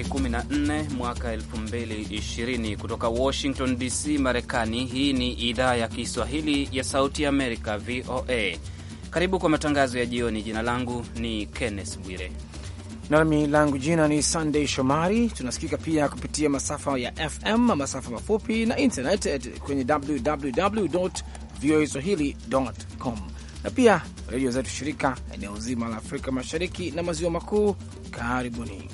Januari 14 mwaka 2020 kutoka Washington DC, Marekani. Hii ni idhaa ya Kiswahili ya Sauti ya Amerika, VOA. Karibu kwa matangazo ya jioni. Jina langu ni Kenneth Bwire nami langu jina ni Sunday Shomari. Tunasikika pia kupitia masafa ya FM, masafa mafupi na internet kwenye www voa swahili.com na pia redio zetu shirika eneo zima la Afrika Mashariki na Maziwa Makuu. Karibuni.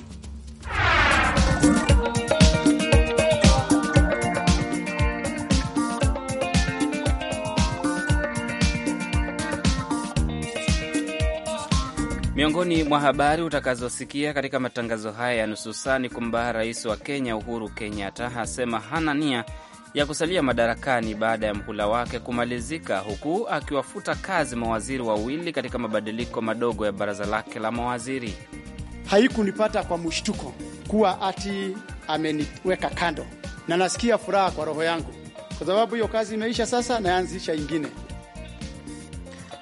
Miongoni mwa habari utakazosikia katika matangazo haya ya nusu saa ni kwamba rais wa Kenya Uhuru Kenyatta asema hana nia ya kusalia madarakani baada ya mhula wake kumalizika, huku akiwafuta kazi mawaziri wawili katika mabadiliko madogo ya baraza lake la mawaziri. Haikunipata kwa mshtuko kuwa ati ameniweka kando, na nasikia furaha kwa roho yangu kwa sababu hiyo kazi imeisha, sasa naanzisha ingine.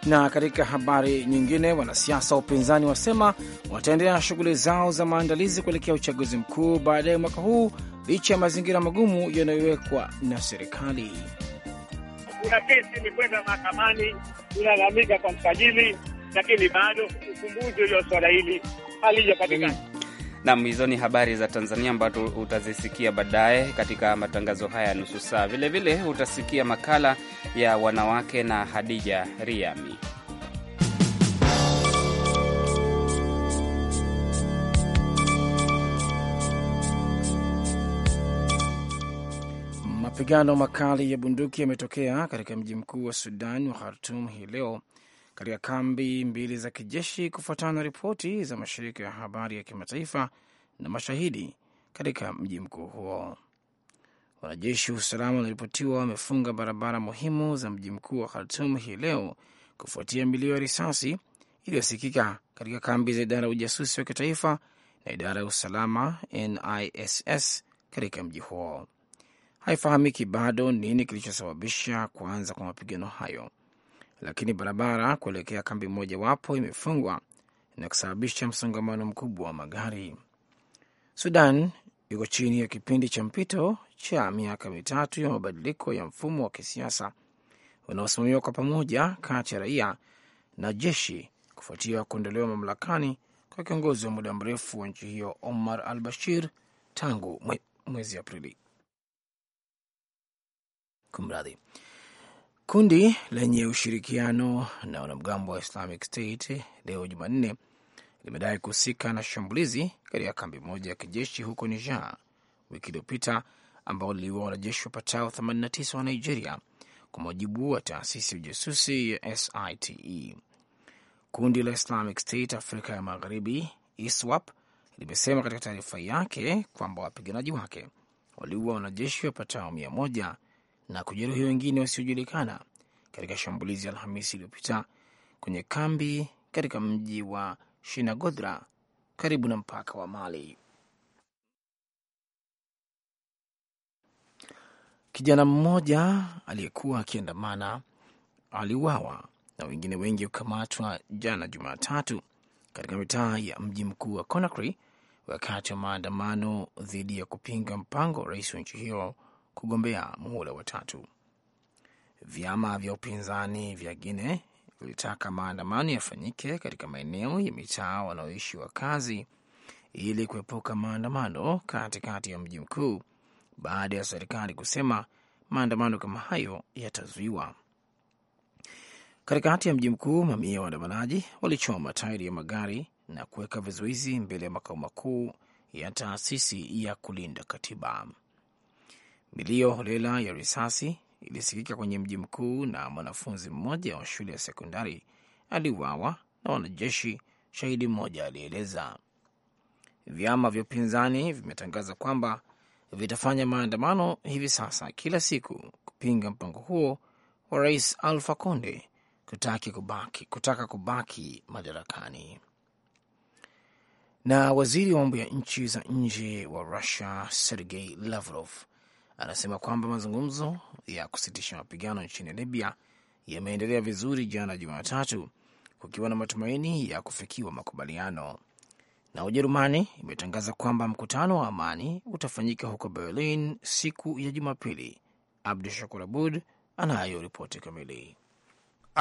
Na katika habari nyingine, wanasiasa wa upinzani wasema wataendelea na shughuli zao za maandalizi kuelekea uchaguzi mkuu baadaye mwaka huu licha ya mazingira magumu yanayowekwa na serikali. Kuna kesi imekwenda mahakamani, inalalamika kwa msajili, lakini bado ufumbuzi ulio swala hili halijapatikana. Nam, hizo ni habari za Tanzania ambazo utazisikia baadaye katika matangazo haya ya nusu saa. Vilevile utasikia makala ya wanawake na Hadija Riami. Mapigano makali ya bunduki yametokea katika mji mkuu wa Sudan wa Khartum hii leo katika kambi mbili za kijeshi kufuatana na ripoti za mashirika ya habari ya kimataifa na mashahidi katika mji mkuu huo. Wanajeshi wa usalama wanaripotiwa wamefunga barabara muhimu za mji mkuu wa Khartum hii leo kufuatia milio ya risasi iliyosikika katika kambi za idara ya ujasusi wa kitaifa na idara ya usalama NISS katika mji huo. Haifahamiki bado nini kilichosababisha kuanza kwa mapigano hayo lakini barabara kuelekea kambi mojawapo imefungwa na kusababisha msongamano mkubwa wa magari. Sudan iko chini ya kipindi cha mpito cha miaka mitatu ya mabadiliko ya mfumo wa kisiasa unaosimamiwa kwa pamoja kati ya raia na jeshi kufuatia kuondolewa mamlakani kwa kiongozi wa muda mrefu wa nchi hiyo Omar al Bashir tangu mwe, mwezi Aprili. Kumradhi, Kundi lenye ushirikiano na wanamgambo wa Islamic State leo Jumanne limedai kuhusika na shambulizi katika kambi moja ya kijeshi huko Niger wiki iliyopita ambao liliua wanajeshi wapatao 89 wa Nigeria, kwa mujibu wa taasisi ya ujasusi ya SITE. Kundi la Islamic State Afrika ya Magharibi, ISWAP, limesema katika taarifa yake kwamba wapiganaji wake waliua wanajeshi wapatao mia moja na kujeruhi wengine wasiojulikana katika shambulizi Alhamisi iliyopita kwenye kambi katika mji wa Shinagodra karibu na mpaka wa Mali. Kijana mmoja aliyekuwa akiandamana aliuawa na wengine wengi kukamatwa jana Jumatatu katika mitaa ya mji mkuu wa Conakry wakati wa maandamano dhidi ya kupinga mpango wa rais wa nchi hiyo kugombea muhula wa tatu. Vyama vya upinzani vya Guine vilitaka maandamano yafanyike katika maeneo ya mitaa wanaoishi wakazi ili kuepuka maandamano katikati ya mji mkuu baada ya serikali kusema maandamano kama hayo yatazuiwa. Katikati ya mji mkuu, mamia ya waandamanaji walichoma tairi ya magari na kuweka vizuizi mbele ya makao makuu ya taasisi ya kulinda katiba. Milio holela ya risasi ilisikika kwenye mji mkuu na mwanafunzi mmoja wa shule ya sekondari aliuawa na wanajeshi, shahidi mmoja alieleza. Vyama vya upinzani vimetangaza kwamba vitafanya maandamano hivi sasa kila siku kupinga mpango huo wa rais Alfa Conde kutaki kubaki, kutaka kubaki madarakani. Na waziri wa mambo ya nchi za nje wa Russia Sergei Lavrov anasema kwamba mazungumzo ya kusitisha mapigano nchini Libya yameendelea vizuri jana Jumatatu, kukiwa na matumaini ya kufikiwa makubaliano. Na Ujerumani imetangaza kwamba mkutano wa amani utafanyika huko Berlin siku ya Jumapili. Abdu Shakur Abud anayo ripoti kamili.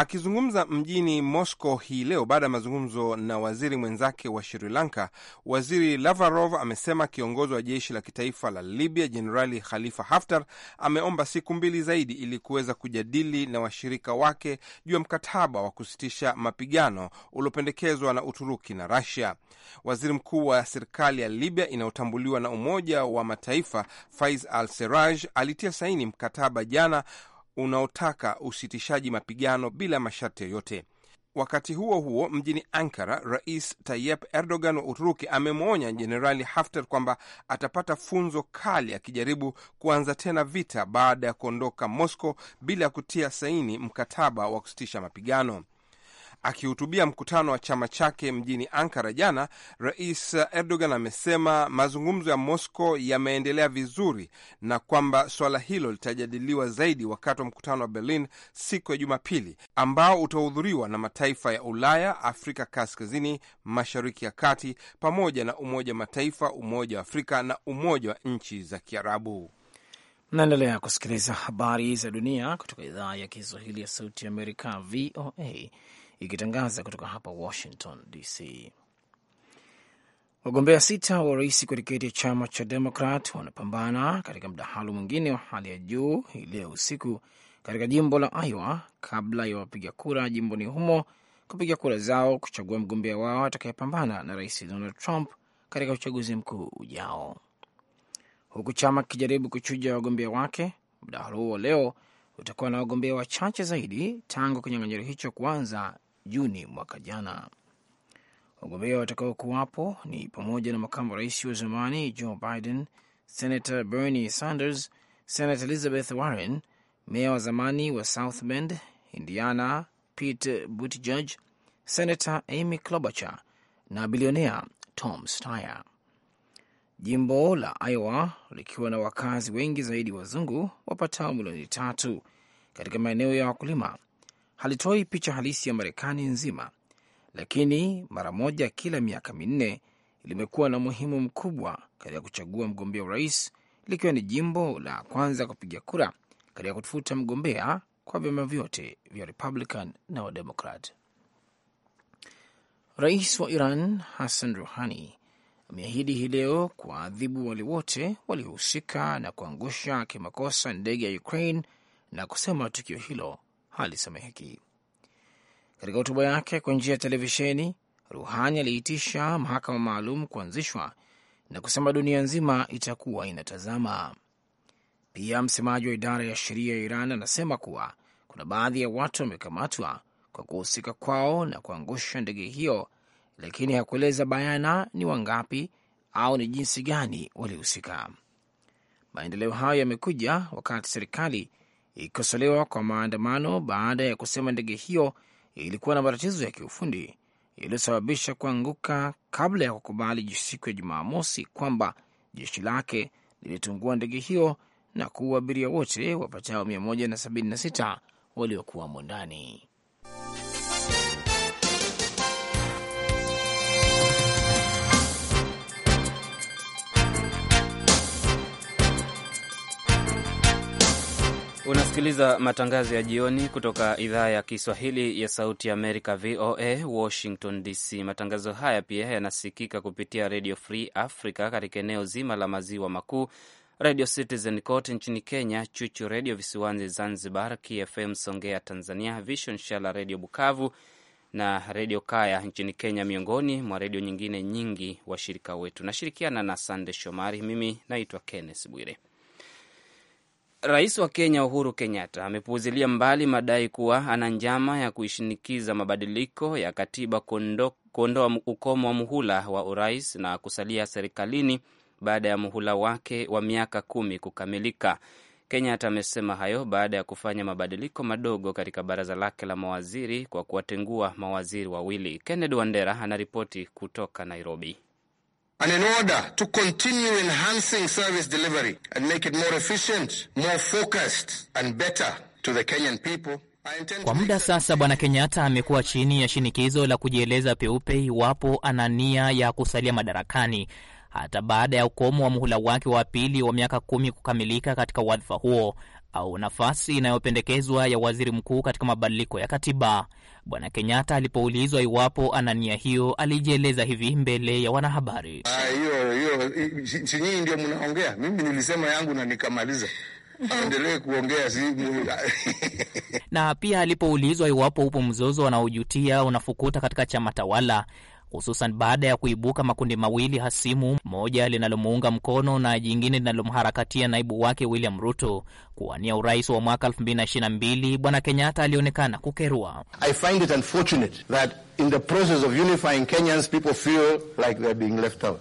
Akizungumza mjini Moscow hii leo baada ya mazungumzo na waziri mwenzake wa Sri Lanka, waziri Lavrov amesema kiongozi wa jeshi la kitaifa la Libya Jenerali Khalifa Haftar ameomba siku mbili zaidi ili kuweza kujadili na washirika wake juu ya mkataba wa kusitisha mapigano uliopendekezwa na Uturuki na Rasia. Waziri mkuu wa serikali ya Libya inayotambuliwa na Umoja wa Mataifa Faiz Al Seraj alitia saini mkataba jana unaotaka usitishaji mapigano bila masharti yoyote. Wakati huo huo, mjini Ankara, Rais Tayyip Erdogan wa Uturuki amemwonya Jenerali Haftar kwamba atapata funzo kali akijaribu kuanza tena vita baada ya kuondoka Moscow bila ya kutia saini mkataba wa kusitisha mapigano. Akihutubia mkutano wa chama chake mjini Ankara jana, Rais Erdogan amesema mazungumzo ya Moscow yameendelea vizuri na kwamba suala hilo litajadiliwa zaidi wakati wa mkutano wa Berlin siku ya Jumapili, ambao utahudhuriwa na mataifa ya Ulaya, Afrika Kaskazini, Mashariki ya Kati, pamoja na Umoja wa Mataifa, Umoja wa Afrika na Umoja wa Nchi za Kiarabu. naendelea kusikiliza habari za dunia kutoka idhaa ya Kiswahili ya Sauti ya Amerika, VOA ikitangaza kutoka hapa Washington DC. Wagombea sita wa urais kwa tiketi ya chama cha Demokrat wanapambana katika mdahalo mwingine wa hali ya juu hii leo usiku katika jimbo la Iowa kabla ya wapiga kura jimboni humo kupiga kura zao kuchagua mgombea wao atakayepambana na rais Donald Trump katika uchaguzi mkuu ujao. Huku chama kikijaribu kuchuja wagombea wake, mdahalo huo leo utakuwa na wagombea wachache zaidi tangu kinyang'anyiro hicho kuanza Juni mwaka jana. Wagombea watakaokuwapo ni pamoja na makamu rais wa zamani Joe Biden, Senator Bernie Sanders, Senator Elizabeth Warren, meya wa zamani wa South Bend, Indiana, Pete Buttigieg, Senator Amy Klobuchar na bilionea Tom Steyer. Jimbo la Iowa likiwa na wakazi wengi zaidi wazungu wapatao milioni tatu katika maeneo ya wakulima halitoi picha halisi ya Marekani nzima, lakini mara moja kila miaka minne limekuwa na umuhimu mkubwa katika kuchagua mgombea urais, likiwa ni jimbo la kwanza kupiga kura katika kutafuta mgombea kwa vyama vyote vya Republican na Wademokrat. Rais wa Iran Hassan Ruhani ameahidi hii leo kuwaadhibu wale wote waliohusika na kuangusha kimakosa ndege ya Ukraine na kusema tukio hilo halisameheki. Katika hotuba yake kwa njia ya televisheni, Ruhani aliitisha mahakama maalum kuanzishwa na kusema dunia nzima itakuwa inatazama. Pia msemaji wa idara ya sheria ya Iran anasema kuwa kuna baadhi ya watu wamekamatwa kwa kuhusika kwao na kuangusha ndege hiyo, lakini hakueleza bayana ni wangapi au ni jinsi gani walihusika. Maendeleo hayo yamekuja wakati serikali ikikosolewa kwa maandamano baada ya kusema ndege hiyo ilikuwa na matatizo ya kiufundi yaliyosababisha kuanguka kabla ya kukubali siku ya Jumamosi kwamba jeshi lake lilitungua ndege hiyo na kuua abiria wote wapatao 176 waliokuwamo ndani. Unasikiliza matangazo ya jioni kutoka idhaa ya Kiswahili ya Sauti ya Amerika, VOA Washington DC. Matangazo haya pia yanasikika kupitia Redio Free Africa katika eneo zima la maziwa makuu, Redio Citizen kote nchini Kenya, Chuchu Redio visiwani Zanzibar, KFM Songea Tanzania, Vision Shala Redio Bukavu na Redio Kaya nchini Kenya, miongoni mwa redio nyingine nyingi washirika wetu. Nashirikiana na Sande Shomari. Mimi naitwa Kenneth Bwire. Rais wa Kenya Uhuru Kenyatta amepuuzilia mbali madai kuwa ana njama ya kuishinikiza mabadiliko ya katiba kuondoa ukomo wa muhula wa urais na kusalia serikalini baada ya muhula wake wa miaka kumi kukamilika. Kenyatta amesema hayo baada ya kufanya mabadiliko madogo katika baraza lake la mawaziri kwa kuwatengua mawaziri wawili. Kennedy Wandera anaripoti kutoka Nairobi and in order to continue enhancing service delivery and make it more efficient, more focused and better to the Kenyan people. Kwa muda sasa Bwana Kenyatta amekuwa chini ya shinikizo la kujieleza peupe iwapo ana nia ya kusalia madarakani hata baada ya ukomo wa muhula wake wa pili wa miaka kumi kukamilika katika wadhifa huo au nafasi inayopendekezwa ya waziri mkuu katika mabadiliko ya katiba. Bwana Kenyatta alipoulizwa iwapo ana nia hiyo, alijieleza hivi mbele ya wanahabari: ah, hiyo hiyo nyinyi ndio mnaongea, mimi nilisema yangu na nikamaliza endelee kuongea si na pia alipoulizwa iwapo upo mzozo wanaojutia unafukuta katika chama tawala, hususan baada ya kuibuka makundi mawili hasimu, moja linalomuunga mkono na jingine linalomharakatia naibu wake William Ruto kuwania urais wa mwaka 2022. Bwana Kenyatta alionekana kukerua. I find it unfortunate that in the process of unifying Kenyans people feel like they're being left out.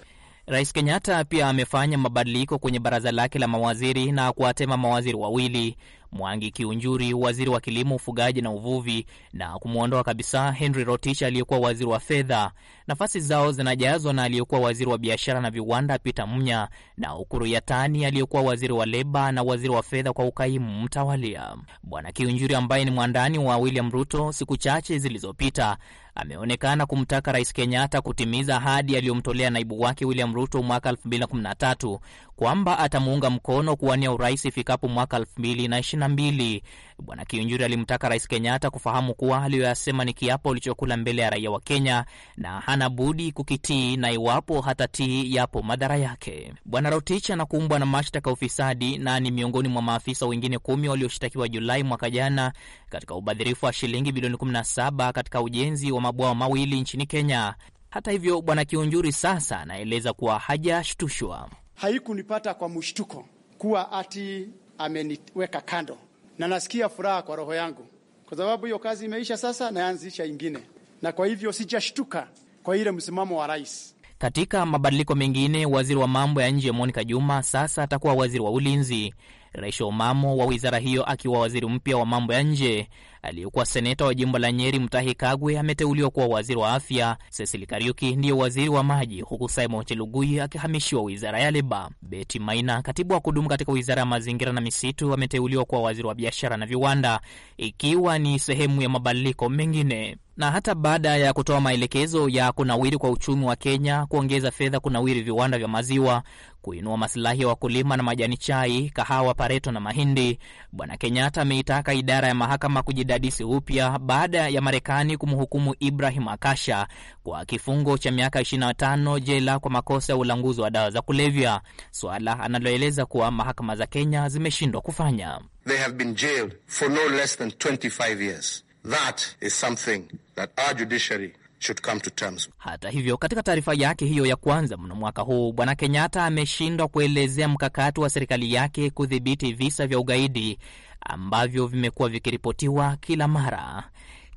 Rais Kenyatta pia amefanya mabadiliko kwenye baraza lake la mawaziri na kuwatema mawaziri wawili, Mwangi Kiunjuri, waziri wa kilimo, ufugaji na uvuvi, na kumwondoa kabisa Henry Rotich aliyekuwa waziri wa fedha. Nafasi zao zinajazwa na aliyekuwa waziri wa biashara na viwanda Peter Munya na Ukuru Yatani aliyekuwa waziri wa leba na waziri wa fedha kwa ukaimu mtawalia. Bwana Kiunjuri ambaye ni mwandani wa William Ruto, siku chache zilizopita ameonekana kumtaka Rais Kenyatta kutimiza ahadi aliyomtolea naibu wake William Ruto mwaka 2013 kwamba atamuunga mkono kuwania urais ifikapo mwaka 2022. Bwana Kiunjuri alimtaka Rais Kenyatta kufahamu kuwa aliyoyasema ni kiapo ulichokula mbele ya raia wa Kenya na hana budi kukitii, na iwapo hatatii yapo madhara yake. Bwana Rotich anakumbwa na mashtaka ya ufisadi na ni miongoni mwa maafisa wengine kumi walioshtakiwa Julai mwaka jana katika ubadhirifu wa shilingi bilioni 17 katika ujenzi wa mabwawa mawili nchini Kenya. Hata hivyo, Bwana Kiunjuri sasa anaeleza kuwa hajashtushwa. Haikunipata kwa mshtuko kuwa ati ameniweka kando na nasikia furaha kwa roho yangu, kwa sababu hiyo kazi imeisha, sasa naanzisha ingine, na kwa hivyo sijashtuka kwa ile msimamo wa rais. Katika mabadiliko mengine, waziri wa mambo ya nje Monica Juma sasa atakuwa waziri wa ulinzi. Rachel Omamo wa wizara hiyo akiwa waziri mpya wa mambo ya nje. Aliyekuwa seneta wa jimbo la Nyeri mtahi Kagwe ameteuliwa kuwa waziri wa afya. sesili Kariuki ndiye waziri wa maji, huku Simon Chelugui akihamishiwa wizara ya leba. Beti Maina, katibu wa kudumu katika wizara ya mazingira na misitu, ameteuliwa kuwa waziri wa biashara na viwanda, ikiwa ni sehemu ya mabadiliko mengine na hata baada ya kutoa maelekezo ya kunawiri kwa uchumi wa Kenya, kuongeza fedha kunawiri viwanda vya maziwa, kuinua masilahi ya wakulima na majani chai, kahawa, pareto na mahindi. Bwana Kenyatta ameitaka idara ya mahakama kujidadisi upya baada ya Marekani kumhukumu Ibrahim Akasha kwa kifungo cha miaka 25 jela kwa makosa ya ulanguzi wa dawa za kulevya, swala analoeleza kuwa mahakama za Kenya zimeshindwa kufanya. They have been jailed for no less than 25 years. That is something that our judiciary should come to terms. Hata hivyo, katika taarifa yake hiyo ya kwanza mno mwaka huu, Bwana Kenyatta ameshindwa kuelezea mkakati wa serikali yake kudhibiti visa vya ugaidi ambavyo vimekuwa vikiripotiwa kila mara.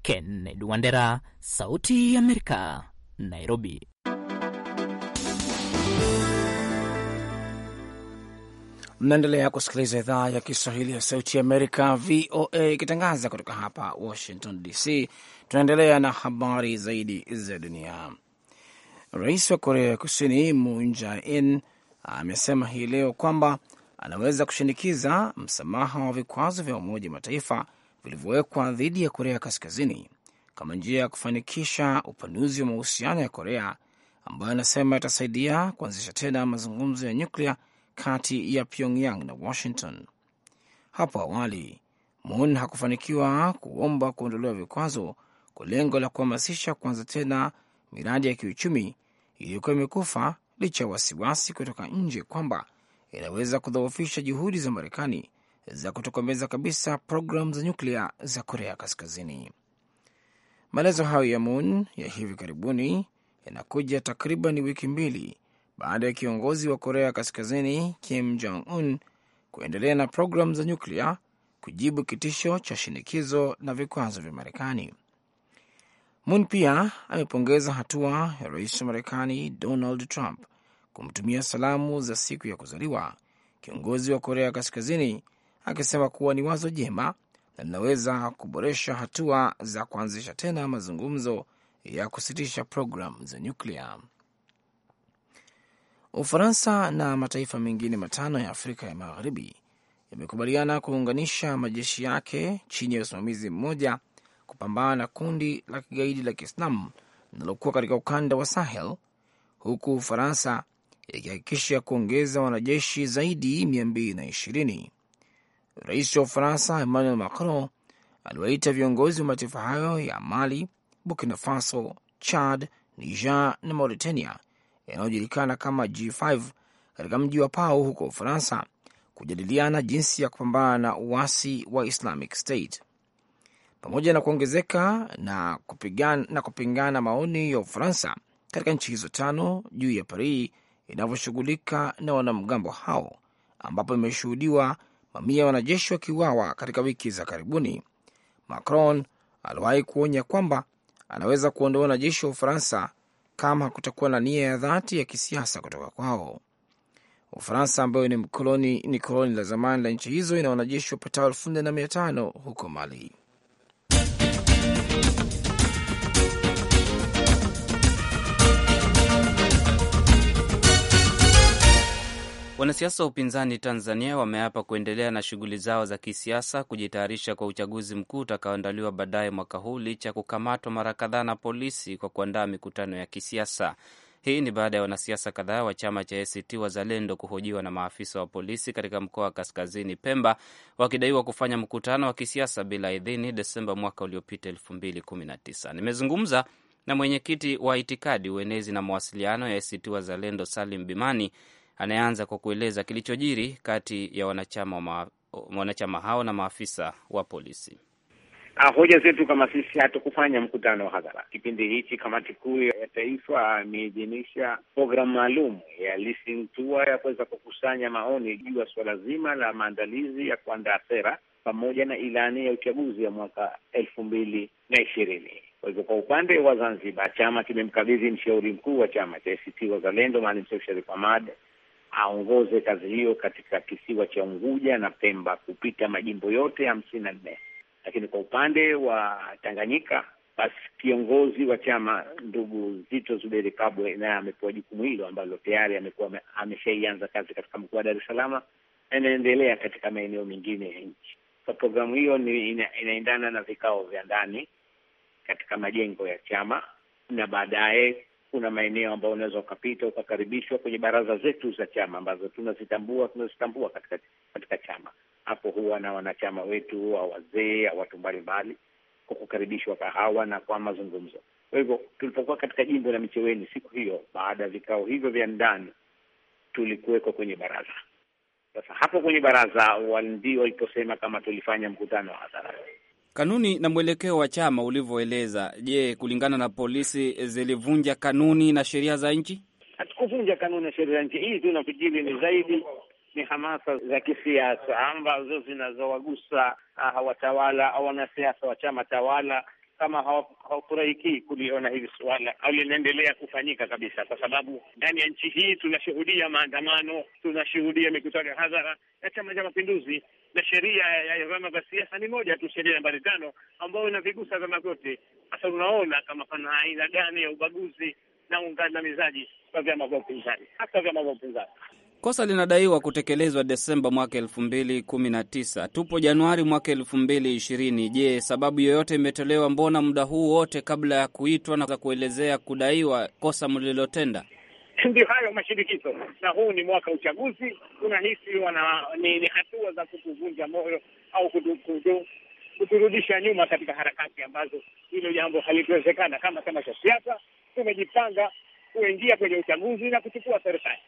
Kennedy Wandera, Sauti ya Amerika, Nairobi. Mnaendelea kusikiliza idhaa ya Kiswahili ya Sauti ya Amerika, VOA, ikitangaza kutoka hapa Washington DC. Tunaendelea na habari zaidi za dunia. Rais wa Korea Kusini Moon Jae-in amesema hii leo kwamba anaweza kushinikiza msamaha wa vikwazo vya Umoja Mataifa vilivyowekwa dhidi ya Korea Kaskazini kama njia ya kufanikisha upanuzi wa mahusiano ya Korea ambayo anasema yatasaidia kuanzisha tena mazungumzo ya nyuklia kati ya Pyongyang na Washington. Hapo awali Moon hakufanikiwa kuomba kuondolewa vikwazo kwa lengo la kuhamasisha kuanza tena miradi ya kiuchumi iliyokuwa imekufa licha ya wasiwasi kutoka nje kwamba inaweza kudhoofisha juhudi za Marekani za kutokomeza kabisa programu za nyuklia za Korea Kaskazini. Maelezo hayo ya Moon ya hivi karibuni yanakuja takriban wiki mbili baada ya kiongozi wa Korea Kaskazini Kim Jong Un kuendelea na programu za nyuklia kujibu kitisho cha shinikizo na vikwazo vya Marekani. Moon pia amepongeza hatua ya rais wa Marekani Donald Trump kumtumia salamu za siku ya kuzaliwa kiongozi wa Korea Kaskazini, akisema kuwa ni wazo jema na linaweza kuboresha hatua za kuanzisha tena mazungumzo ya kusitisha programu za nyuklia. Ufaransa na mataifa mengine matano ya Afrika ya Magharibi yamekubaliana kuunganisha majeshi yake chini ya usimamizi mmoja kupambana na kundi la kigaidi la Kiislamu linalokuwa katika ukanda wa Sahel, huku Ufaransa ikihakikisha kuongeza wanajeshi zaidi mia mbili na ishirini Rais wa Ufaransa Emmanuel Macron aliwaita viongozi wa mataifa hayo ya Mali, Burkina Faso, Chad, Niger na Mauritania yanayojulikana kama G5 katika mji wa Pau huko Ufaransa kujadiliana jinsi ya kupambana na uasi wa Islamic State pamoja na kuongezeka na na kupingana maoni ya Ufaransa katika nchi hizo tano juu ya Paris inavyoshughulika na wanamgambo hao, ambapo imeshuhudiwa mamia ya wanajeshi wakiuawa katika wiki za karibuni. Macron aliwahi kuonya kwamba anaweza kuondoa wanajeshi wa Ufaransa kama hakutakuwa na nia ya dhati ya kisiasa kutoka kwao. Ufaransa ambayo ni koloni la zamani la nchi hizo ina wanajeshi wapatao elfu nne na mia tano huko Mali. Wanasiasa wa upinzani Tanzania wameapa kuendelea na shughuli zao za kisiasa kujitayarisha kwa uchaguzi mkuu utakaoandaliwa baadaye mwaka huu licha ya kukamatwa mara kadhaa na polisi kwa kuandaa mikutano ya kisiasa. Hii ni baada ya wanasiasa kadhaa wa chama cha ACT Wazalendo kuhojiwa na maafisa wa polisi katika mkoa wa Kaskazini Pemba wakidaiwa kufanya mkutano wa kisiasa bila idhini Desemba mwaka uliopita 2019. Nimezungumza na mwenyekiti wa itikadi, uenezi na mawasiliano ya ACT Wazalendo Salim Bimani anayeanza kwa kueleza kilichojiri kati ya wanachama, ma, wanachama hao na maafisa wa polisi. Ah, hoja zetu kama sisi, hatukufanya mkutano wa hadhara kipindi hichi. Kamati Kuu ya Taifa imeidhinisha programu maalum ya listening tour ya kuweza kukusanya maoni juu ya suala zima la maandalizi ya kuandaa sera pamoja na ilani ya uchaguzi ya mwaka elfu mbili na ishirini. Kwa hivyo kwa upande wa Zanzibar, chama kimemkabidhi mshauri mkuu wa chama cha ACT Wazalendo Maalim Seif Sharif Hamad aongoze kazi hiyo katika kisiwa cha Unguja na Pemba kupita majimbo yote hamsini na nne. Lakini kwa upande wa Tanganyika, basi kiongozi wa chama ndugu Zito Zuberi Kabwe naye amepewa jukumu hilo ambalo tayari amekuwa ameshaianza kazi katika mkoa wa Dar es Salaam na inaendelea katika maeneo mengine ya nchi. So programu hiyo ni ina, inaendana na vikao vya ndani katika majengo ya chama na baadaye kuna maeneo ambayo unaweza ukapita ukakaribishwa kwenye baraza zetu za chama ambazo tunazitambua tunazitambua katika katika chama. Hapo huwa na wanachama wetu au wazee au watu mbalimbali, kwa kukaribishwa kahawa na kwa mazungumzo. Kwa hivyo tulipokuwa katika jimbo la Micheweni siku hiyo, baada ya vikao hivyo vya ndani, tulikuwekwa kwenye baraza. Sasa hapo kwenye baraza ndio waliposema kama tulifanya mkutano wa hadhara. Kanuni na mwelekeo wa chama ulivyoeleza, je, kulingana na polisi zilivunja kanuni na sheria za nchi? Hatukuvunja kanuni na sheria za nchi. Hii tunafikiri ni zaidi ni hamasa za kisiasa ambazo zinazowagusa ah, watawala au wanasiasa wa chama tawala kama hawafurahikii kuliona hili suala au linaendelea kufanyika kabisa, kwa sababu ndani ya nchi hii tunashuhudia maandamano, tunashuhudia mikutano ya hadhara ya Chama cha Mapinduzi, na sheria ya vyama vya siasa ni moja tu, sheria nambari tano, ambayo inavigusa vyama vyote. Sasa unaona kama pana aina gani ya ubaguzi na ungandamizaji wa vyama vya upinzani, hasa vyama vya upinzani. Kosa linadaiwa kutekelezwa Desemba mwaka elfu mbili kumi na tisa. Tupo Januari mwaka elfu mbili ishirini. Je, sababu yoyote imetolewa? Mbona muda huu wote kabla ya kuitwa na kuelezea kudaiwa kosa mlilotenda? Ndio hayo mashinikizo, na huu ni mwaka uchaguzi. Unahisi wana ni, ni hatua za kutuvunja moyo au kutu, kutu, kuturudisha nyuma katika harakati ambazo hilo jambo halikuwezekana. Kama chama cha siasa tumejipanga kuingia kwenye uchaguzi na kuchukua serikali.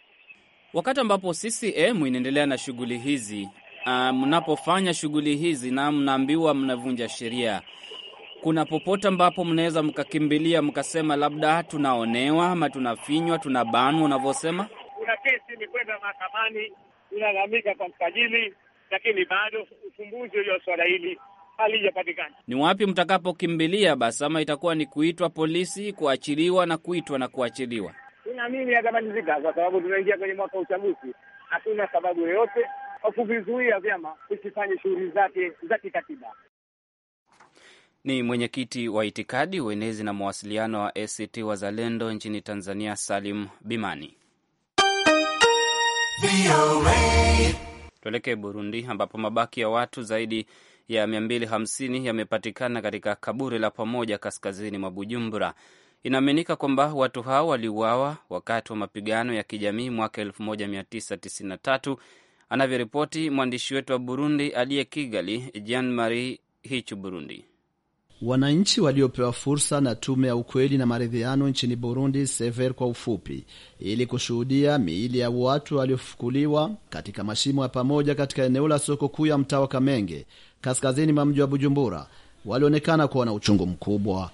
Wakati ambapo CCM inaendelea na shughuli hizi, uh, mnapofanya shughuli hizi na mnaambiwa mnavunja sheria, kuna popote ambapo mnaweza mkakimbilia mkasema labda tunaonewa ama tunafinywa, tunabanwa unavyosema? Kuna kesi imekwenda mahakamani, inalalamika kwa msajili, lakini bado ufumbuzi wa swala hili halijapatikana. Ni wapi mtakapokimbilia basi? Ama itakuwa ni kuitwa polisi, kuachiliwa na kuitwa na kuachiliwa? Sina mimi atamalizika, kwa sababu tunaingia kwenye mwaka wa uchaguzi. Hatuna sababu yoyote kwa kuvizuia vyama visifanye shughuli zake za kikatiba. Ni mwenyekiti wa itikadi, uenezi na mawasiliano wa ACT Wazalendo nchini Tanzania, Salim Bimani. Tuelekee Burundi ambapo mabaki ya watu zaidi ya 250 yamepatikana katika kaburi la pamoja kaskazini mwa Bujumbura. Inaaminika kwamba watu hao waliuawa wakati wa mapigano ya kijamii mwaka 1993 anavyoripoti mwandishi wetu wa Burundi aliye Kigali, Jean Marie Hichu, Burundi. Wananchi waliopewa fursa na tume ya ukweli na maridhiano nchini Burundi, SEVER kwa ufupi, ili kushuhudia miili ya watu waliofukuliwa katika mashimo ya pamoja katika eneo la soko kuu ya mtaa wa Kamenge, kaskazini mwa mji wa Bujumbura, walionekana kuwa na uchungu mkubwa.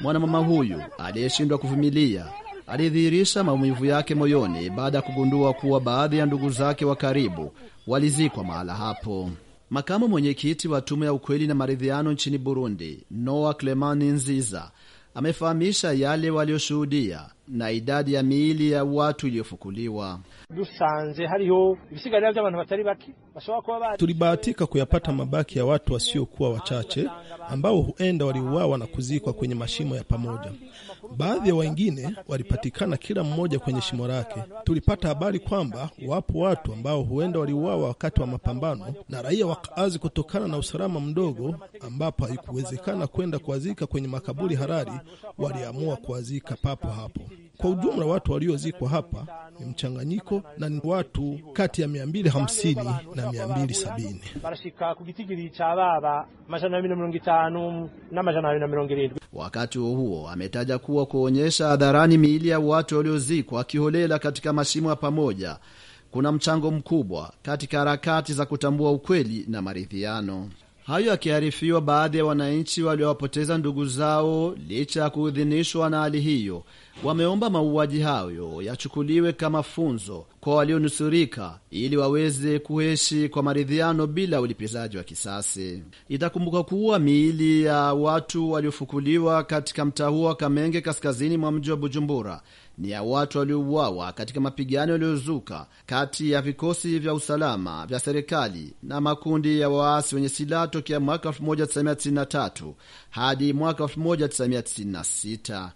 Mwanamama huyu aliyeshindwa kuvumilia alidhihirisha maumivu yake moyoni baada ya kugundua kuwa baadhi ya ndugu zake wa karibu walizikwa mahala hapo. Makamu mwenyekiti wa tume ya ukweli na maridhiano nchini Burundi, Noa Clemani Nziza, amefahamisha yale walioshuhudia na idadi ya miili ya watu iliyofukuliwa dusanze hariho ibisigarira by'abantu batari baki bashobora kuba bari. Tulibahatika kuyapata mabaki ya watu wasiokuwa wachache ambao huenda waliuawa na kuzikwa kwenye mashimo ya pamoja. Baadhi ya wengine walipatikana kila mmoja kwenye shimo lake. Tulipata habari kwamba wapo watu ambao huenda waliuawa wakati wa mapambano na raia wakaazi, kutokana na usalama mdogo, ambapo haikuwezekana kwenda kuwazika kwenye makaburi harari waliamua kuwazika papo hapo. Kwa ujumla watu waliozikwa hapa ni mchanganyiko na ni watu kati ya 250 na 270. Wakati huo huo, ametaja kuwa kuonyesha hadharani miili ya watu waliozikwa kiholela katika mashimo ya pamoja kuna mchango mkubwa katika harakati za kutambua ukweli na maridhiano. Hayo yakiarifiwa baadhi ya wananchi waliowapoteza ndugu zao, licha ya kuidhinishwa na hali hiyo, wameomba mauaji hayo yachukuliwe kama funzo kwa walionusurika ili waweze kuishi kwa maridhiano bila ulipizaji wa kisasi. Itakumbuka kuwa miili ya watu waliofukuliwa katika mtaa huo wa Kamenge, kaskazini mwa mji wa Bujumbura, ni ya watu waliouawa katika mapigano yaliyozuka kati ya vikosi vya usalama vya serikali na makundi ya waasi wenye silaha tokea mwaka 1993 hadi mwaka 1996.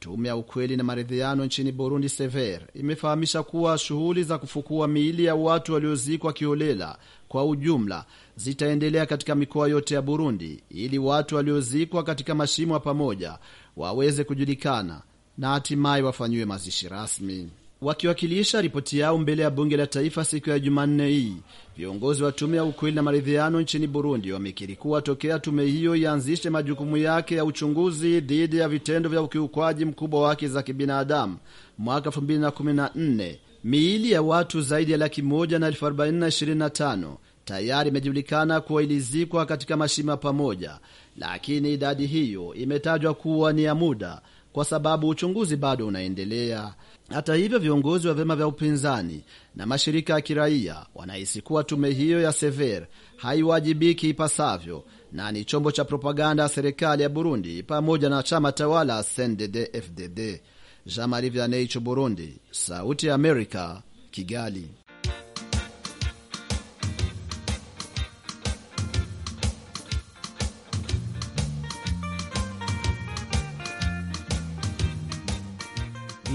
Tume ya ukweli na maridhiano nchini Burundi, SEVER, imefahamisha kuwa shughuli za kufukua miili ya watu waliozikwa kiholela kwa ujumla zitaendelea katika mikoa yote ya Burundi ili watu waliozikwa katika mashimo ya pamoja waweze kujulikana na hatimaye wafanyiwe mazishi rasmi. Wakiwakilisha ripoti yao mbele ya bunge la taifa siku ya Jumanne hii, viongozi wa tume ya ukweli na maridhiano nchini Burundi wamekiri kuwa tokea tume hiyo ianzishe majukumu yake ya uchunguzi dhidi ya vitendo vya ukiukwaji mkubwa wa haki za kibinadamu mwaka 2014 miili ya watu zaidi ya laki moja na elfu arobaini na ishirini na tano tayari imejulikana kuwa ilizikwa katika mashima pamoja, lakini idadi hiyo imetajwa kuwa ni ya muda kwa sababu uchunguzi bado unaendelea. Hata hivyo, viongozi wa vyama vya upinzani na mashirika ya kiraia wanahisi kuwa tume hiyo ya Sever haiwajibiki ipasavyo na ni chombo cha propaganda ya serikali ya Burundi pamoja na chama tawala CNDD FDD. Jean Marie Vianney, Burundi, Sauti ya Amerika, Kigali.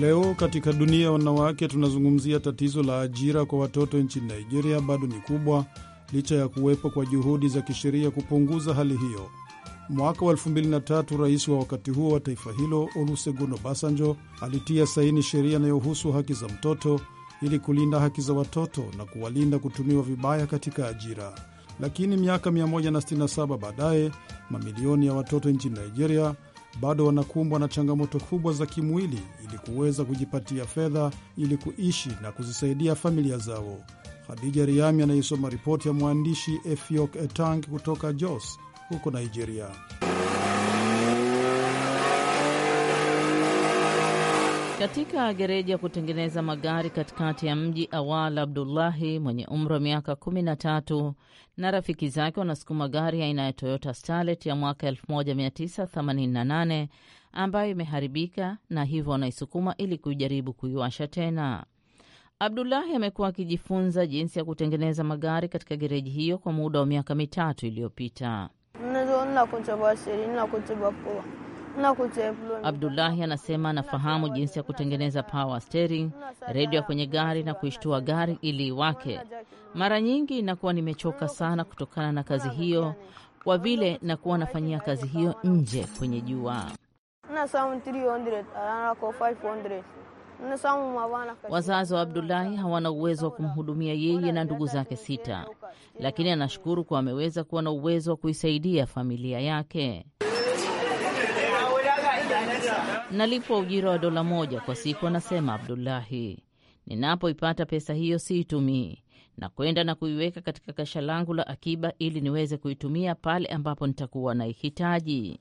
Leo katika dunia ya wanawake, tunazungumzia tatizo la ajira kwa watoto nchini Nigeria bado ni kubwa licha ya kuwepo kwa juhudi za kisheria kupunguza hali hiyo. Mwaka wa 2003 rais wa wakati huo wa taifa hilo Olusegun Obasanjo alitia saini sheria inayohusu haki za mtoto ili kulinda haki za watoto na kuwalinda kutumiwa vibaya katika ajira. Lakini miaka 167 baadaye, mamilioni ya watoto nchini Nigeria bado wanakumbwa na changamoto kubwa za kimwili ili kuweza kujipatia fedha ili kuishi na kuzisaidia familia zao. hadija Riami anaisoma ripoti ya mwandishi Efiok Etang kutoka Jos huko Nigeria. Katika gereji ya kutengeneza magari katikati ya mji, Awal Abdullahi mwenye umri wa miaka 13 na tatu na rafiki zake wanasukuma gari aina ya Toyota Starlet ya mwaka 1988 ambayo imeharibika na hivyo wanaisukuma ili kujaribu kuiwasha tena. Abdullahi amekuwa akijifunza jinsi ya kutengeneza magari katika gereji hiyo kwa muda wa miaka mitatu iliyopita. Abdullahi anasema anafahamu jinsi ya kutengeneza power steering, redio kwenye gari na kuishtua gari ili iwake. Mara nyingi nakuwa nimechoka sana kutokana na kazi hiyo, kwa vile nakuwa nafanyia kazi hiyo nje kwenye jua. Wazazi wa Abdulahi hawana uwezo wa kumhudumia yeye na ndugu zake sita, lakini anashukuru kuwa ameweza kuwa na uwezo wa kuisaidia familia yake. Nalipwa ujira wa dola moja kwa siku, anasema Abdullahi. Ninapoipata pesa hiyo siitumii, na kwenda na kuiweka katika kasha langu la akiba ili niweze kuitumia pale ambapo nitakuwa naihitaji.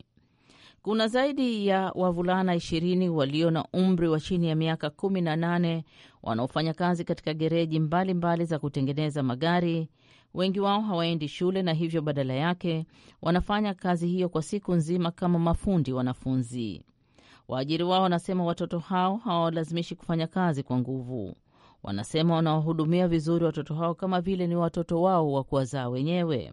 Kuna zaidi ya wavulana ishirini walio na umri wa chini ya miaka kumi na nane wanaofanya kazi katika gereji mbalimbali mbali za kutengeneza magari. Wengi wao hawaendi shule na hivyo badala yake wanafanya kazi hiyo kwa siku nzima kama mafundi wanafunzi. Waajiri wao wanasema watoto hao hawawalazimishi kufanya kazi kwa nguvu. Wanasema wanawahudumia vizuri watoto hao kama vile ni watoto wao wa kuwazaa wenyewe.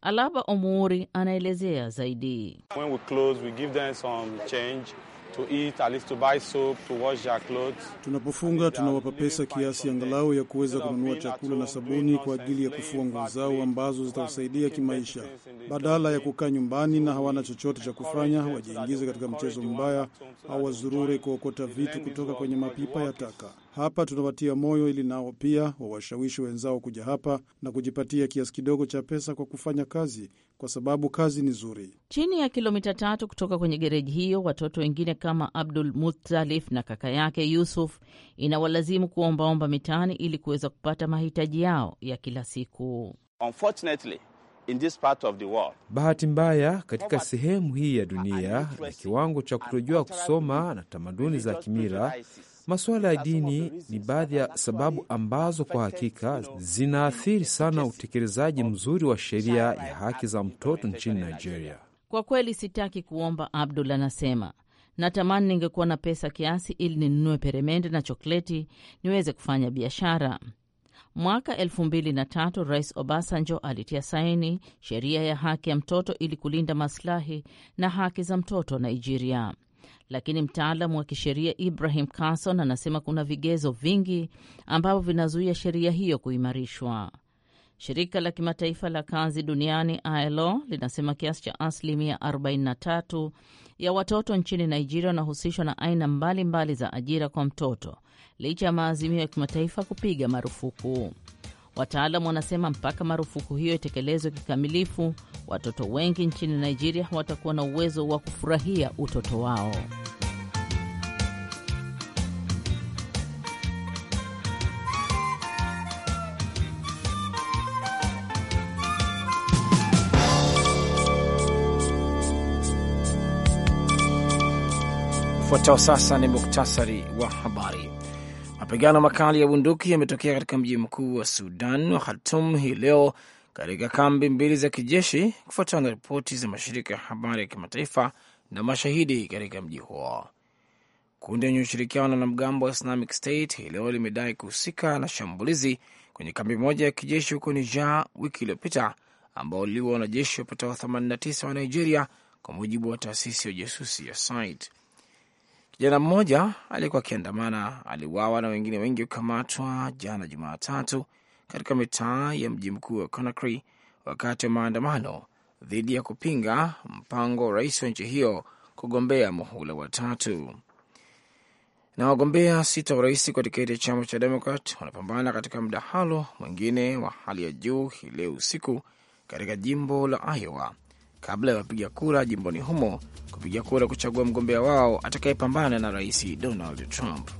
Alaba Omuuri anaelezea zaidi. When we close, we give them some change to eat, at least to buy soap, to wash their clothes. Tunapofunga tunawapa pesa kiasi angalau ya kuweza kununua chakula na sabuni kwa ajili ya kufua nguo zao ambazo zitawasaidia kimaisha, badala ya kukaa nyumbani na hawana chochote cha kufanya, wajiingize katika mchezo mbaya au wazurure kuokota vitu kutoka kwenye mapipa ya taka. Hapa tunawatia moyo ili nao pia wawashawishi wenzao kuja hapa na kujipatia kiasi kidogo cha pesa kwa kufanya kazi, kwa sababu kazi ni nzuri. Chini ya kilomita tatu kutoka kwenye gereji hiyo, watoto wengine kama Abdul Mutalif na kaka yake Yusuf inawalazimu kuombaomba mitaani ili kuweza kupata mahitaji yao ya kila siku. In this part of the world. Bahati mbaya katika sehemu hii ya dunia na kiwango cha kutojua kusoma na tamaduni za kimila Masuala ya dini ni baadhi ya sababu ambazo kwa hakika zinaathiri sana utekelezaji mzuri wa sheria ya haki za mtoto nchini Nigeria. Kwa kweli sitaki kuomba, Abdul anasema. Natamani ningekuwa na pesa kiasi ili ninunue peremende na chokleti niweze kufanya biashara. Mwaka elfu mbili na tatu Rais Obasanjo alitia saini sheria ya haki ya mtoto ili kulinda maslahi na haki za mtoto Nigeria lakini mtaalamu wa kisheria Ibrahim Carson anasema kuna vigezo vingi ambavyo vinazuia sheria hiyo kuimarishwa. Shirika la kimataifa la kazi duniani ILO linasema kiasi cha asilimia 43 ya watoto nchini Nigeria wanahusishwa na aina mbalimbali mbali za ajira kwa mtoto licha ya maazimio ya kimataifa kupiga marufuku Wataalamu wanasema mpaka marufuku hiyo itekelezwe kikamilifu, watoto wengi nchini Nigeria hawatakuwa na uwezo wa kufurahia utoto wao. Ufuatao sasa ni muktasari wa habari. Mapigano makali ya bunduki yametokea katika mji mkuu wa Sudan wa Khartum hii leo katika kambi mbili za kijeshi, kufuatana na ripoti za mashirika ya habari ya kimataifa na mashahidi katika mji huo. Kundi lenye ushirikiano na mgambo wa Islamic State hii leo limedai kuhusika na shambulizi kwenye kambi moja ya kijeshi huko Niger wiki iliyopita, ambao liwa wanajeshi wapatao 89 wa Nigeria, kwa mujibu wa taasisi ya ujasusi ya SITE. Kijana mmoja aliyekuwa akiandamana aliuawa na wengine wengi kukamatwa jana Jumatatu katika mitaa ya mji mkuu wa Conakry wakati wa maandamano dhidi ya kupinga mpango wa rais wa nchi hiyo kugombea muhula wa tatu. Na wagombea sita wa rais kwa tiketi ya chama cha Demokrat wanapambana katika mdahalo mwingine wa hali ya juu hii leo usiku katika jimbo la Iowa kabla ya wapiga kura jimboni humo kupiga kura kuchagua mgombea wao atakayepambana na rais Donald Trump.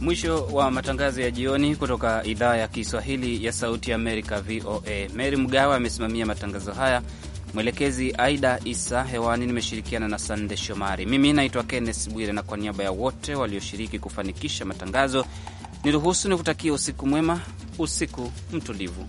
Mwisho wa matangazo ya jioni kutoka idhaa ya Kiswahili ya Sauti ya Amerika, VOA. Mary Mgawe amesimamia matangazo haya, mwelekezi Aida Isa. Hewani nimeshirikiana na Sande Shomari. Mimi naitwa Kennes Bwire, na kwa niaba ya wote walioshiriki kufanikisha matangazo, niruhusu kutakia usiku mwema, usiku mtulivu.